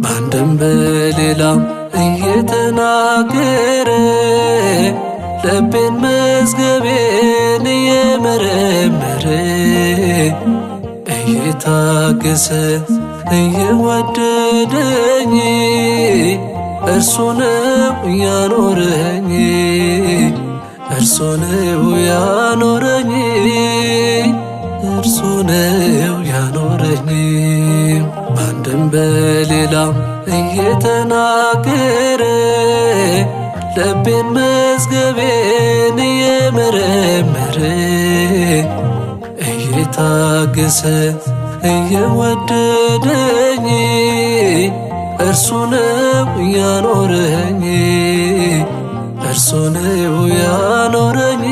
በአንድም በሌላም እየተናገረ ልቤን መዝገቤን እየመረመረ እየታገሰ እየወደደኝ እርሱ ነው ያኖረኝ እርሱ ነው ያኖረኝ እርሱ ነው ያኖረኝ አንድም በሌላው እየተናገረ ልቤን መዝገቤን እየመረመረ እየታገሰ እየወደደኝ እርሱ ነው ያኖረኝ እርሱ ነው ያኖረኝ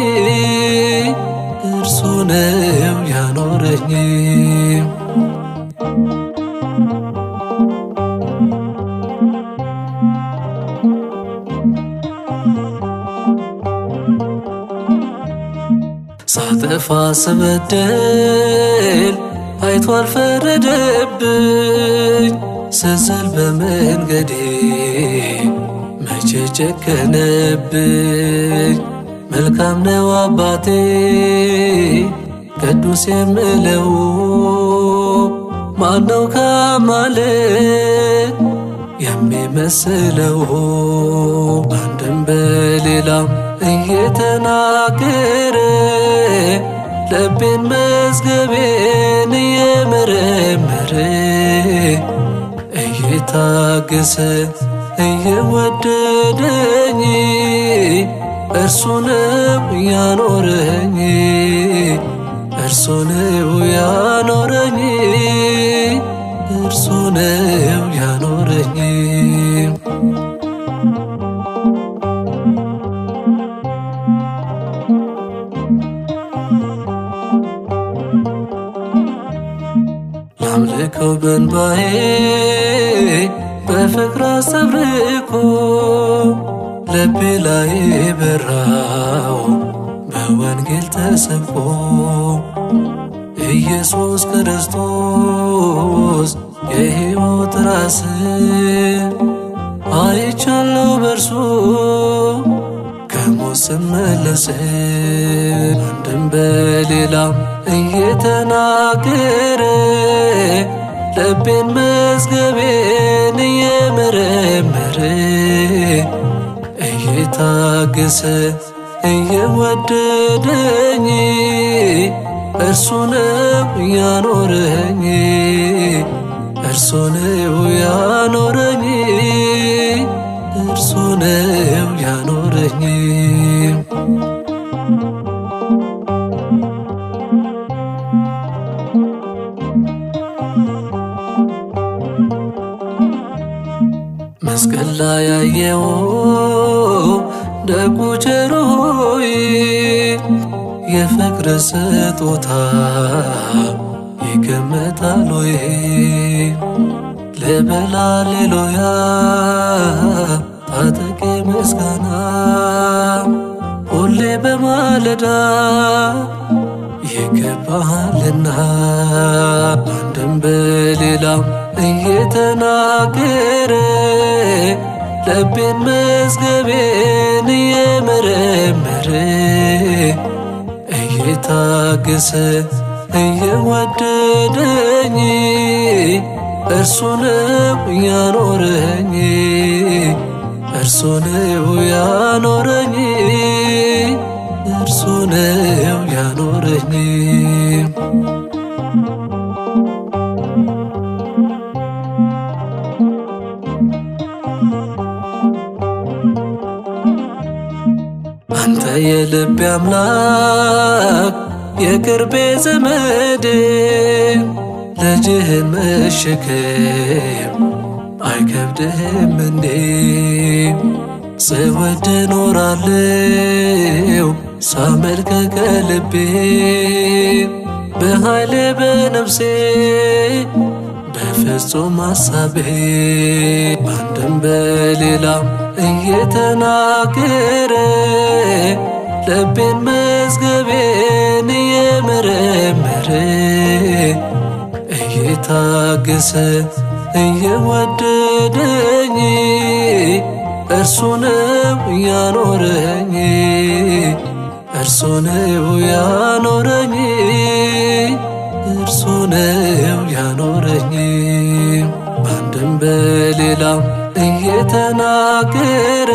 እርሱ ነው ያኖረኝ በንፋስ በደል አይቶ አልፈረደብኝ ስዝል በመንገዴ መቼ ጨከነብኝ። መልካም ነው አባቴ ቅዱስ የምለው ማነው ከማለት የሚመስለው አንድም በሌላም እየተናገረ ልቤን መዝገቤን እየመረመረ እየታገሰ እየወደደኝ እርሱ ነው ያኖረኝ እርሱ ነው ያኖረኝ እርሱ ነው ያኖረኝ ባረከው በንባዬ በፍቅር አሰብርኮ ልቤ ላይ በራው በወንጌል ተሰብኮ ኢየሱስ ክርስቶስ የሕይወት ራስ አይቻለው በርሱ ከሞት ስመለስ አንድም በሌላም እየተናገረ ልቤን መዝገቤን እየመረመረ እየታገሰ እየወደደኝ እርሱ ነው ያኖረኝ እርሱ ነው ያኖረኝ እርሱ ነው ያኖረኝ መስቀል ላይ ያየው ደጉ ቸር ሆይ የፍቅር ስጦታ ይገመታል ወይ? ልበል ሃሌሉያ ታጠቂ ምስጋና ሁሌ በማለዳ ይገባሃልና የልቤን መዝገቤን እየመረመረ እየታገሰ እየወደደኝ እርሱ ነው ያኖረኝ እርሱ ነው ያኖረኝ እርሱ ነው ያኖረኝ አንተ የልቤ አምላክ የቅርቤ ዘመዴ ልጅህን መሸከም አይከብድህም እንዴ? ስወድ ኖራለው ሳመልከ ከልቤ በኃይል በነፍሴ ፍጹም ሀሳቤ አንድም በሌላ እየተናገረ ልቤን መዝገቤን እየመረመረ እየታገሰ እየወደደኝ እርሱ ነው ያኖረኝ እርሱ ነው ያኖረኝ እርሱ ነው ያኖረኝ በአንድም በሌላም እየተናገረ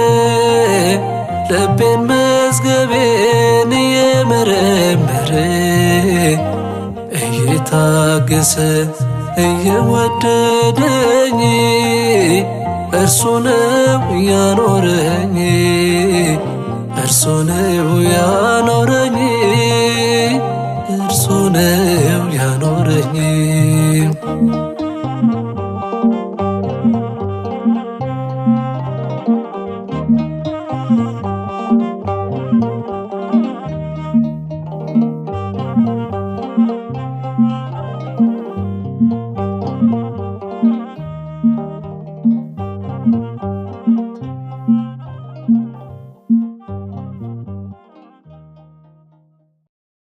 ልቤን መዝገቤን እየመረመረ እየታገሰ እየወደደኝ እርሱ ነው ያኖረኝ እርሱ ነው ያኖረኝ እርሱ ነው Amen.